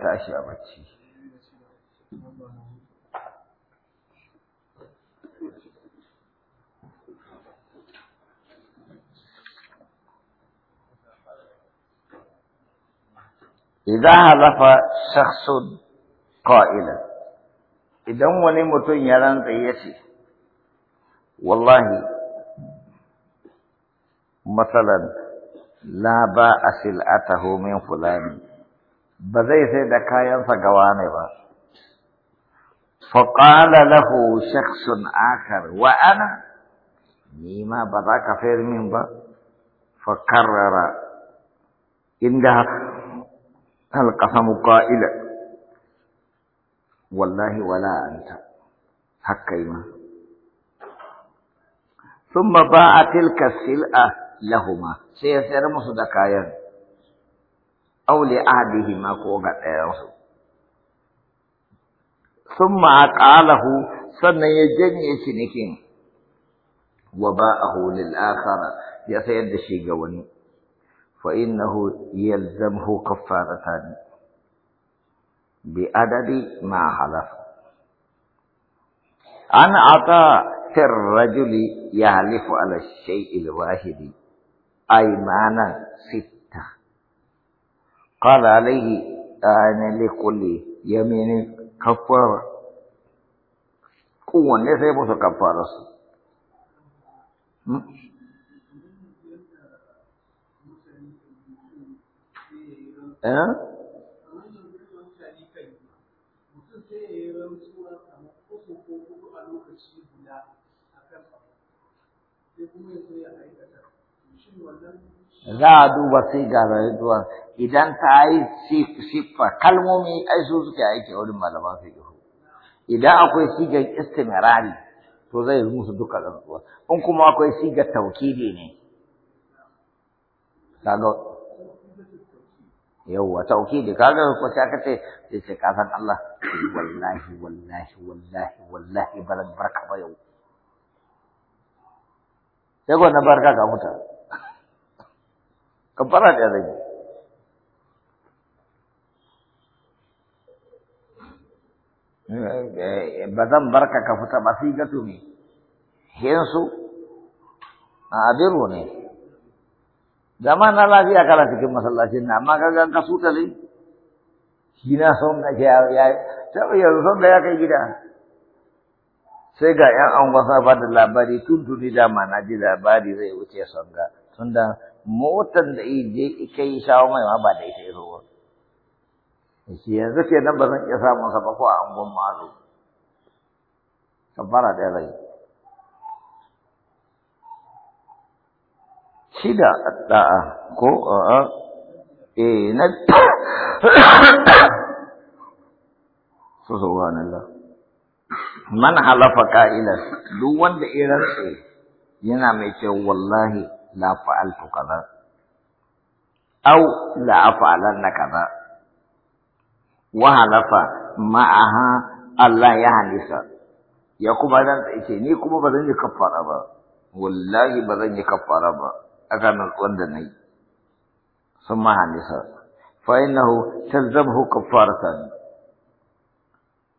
tashi a bacci Idan halafa shakhsun qa'ila idan wani mutum ya rantsa ya ce, Wallahi, matsalan la ba a sil'atahu min fulani, بذيث دكايا فقواني بار فقال له شخص آخر وأنا نيما بدا كفير من بار فكرر عندها القسم قائلا والله ولا أنت حكيما ثم باع تلك السلعة لهما سيسير مصدقائيا أو لأهلهما كوغت أيرسو ثم قاله سن يجن يشنكين وباءه للآخر يسيد شيقوني فإنه يلزمه كفارة بأدب ما حلف أن أعطى الرجل يحلف على الشيء الواحد أيمانا ستة قال عليه أنا لكل يمين كفارة قوة ليس يبوس كفارة أه؟ za a duba sai ga rayuwa idan ta yi siffa kalmomi ai su suke aiki wurin malaman yi idan akwai sigan istimirari to zai musu duka rantsuwa in kuma akwai sigar taukidi ne kaga yawwa taukidi kaga ko sai aka ce sai ce ka san Allah wallahi wallahi wallahi wallahi barka ba yau sai na barka ga mutane kabbara da zai eh, ba zan barka ka fita ba sai gato ne hinsu a abiru ne zama na lafiya kana cikin masallacin na amma kaga ka suta ne shi na son ka ya ya tabi yanzu son da ya kai gida sai ga yan an wasa ba da labari tuntuni dama na ji labari zai wuce son ga tunda motar da je ike yi shawo mai ma ba da ita yi ba shi yanzu ke nan ba zan iya samun sa ba ko a angon mazo kabbara da rai. shida ɗa'a ko a eh na subhanallah man halafa ka'ilan duk wanda ya rantse yana mai cewa wallahi لا فعلت كذا أو لا أفعلن كذا وهلف معها الله يا يقوم هذا إيشي نيكم بدن يكفر أبا والله بدن يكفر أبا اكن الوندني ثم هنس فإنه تلزمه كفارة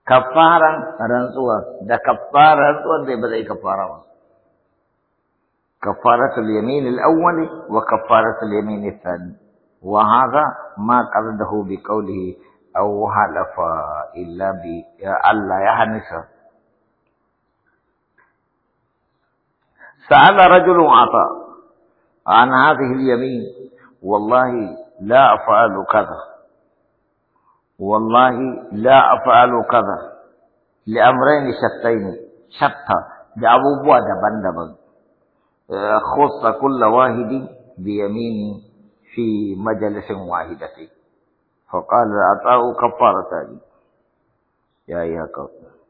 كفارا رنسوا ده كفارا رنسوا ده بدأ كفارة كفارة اليمين الأول وكفارة اليمين الثاني وهذا ما قرده بقوله أو حلف إلا بألا يحنس سأل رجل عطاء عن هذه اليمين والله لا أفعل كذا والله لا أفعل كذا لأمرين شتين شتى لأبو دبن دبن خص كل واحد بيمين في مجلس واحدة فقال أعطاه كفارتان يا أيها كفارة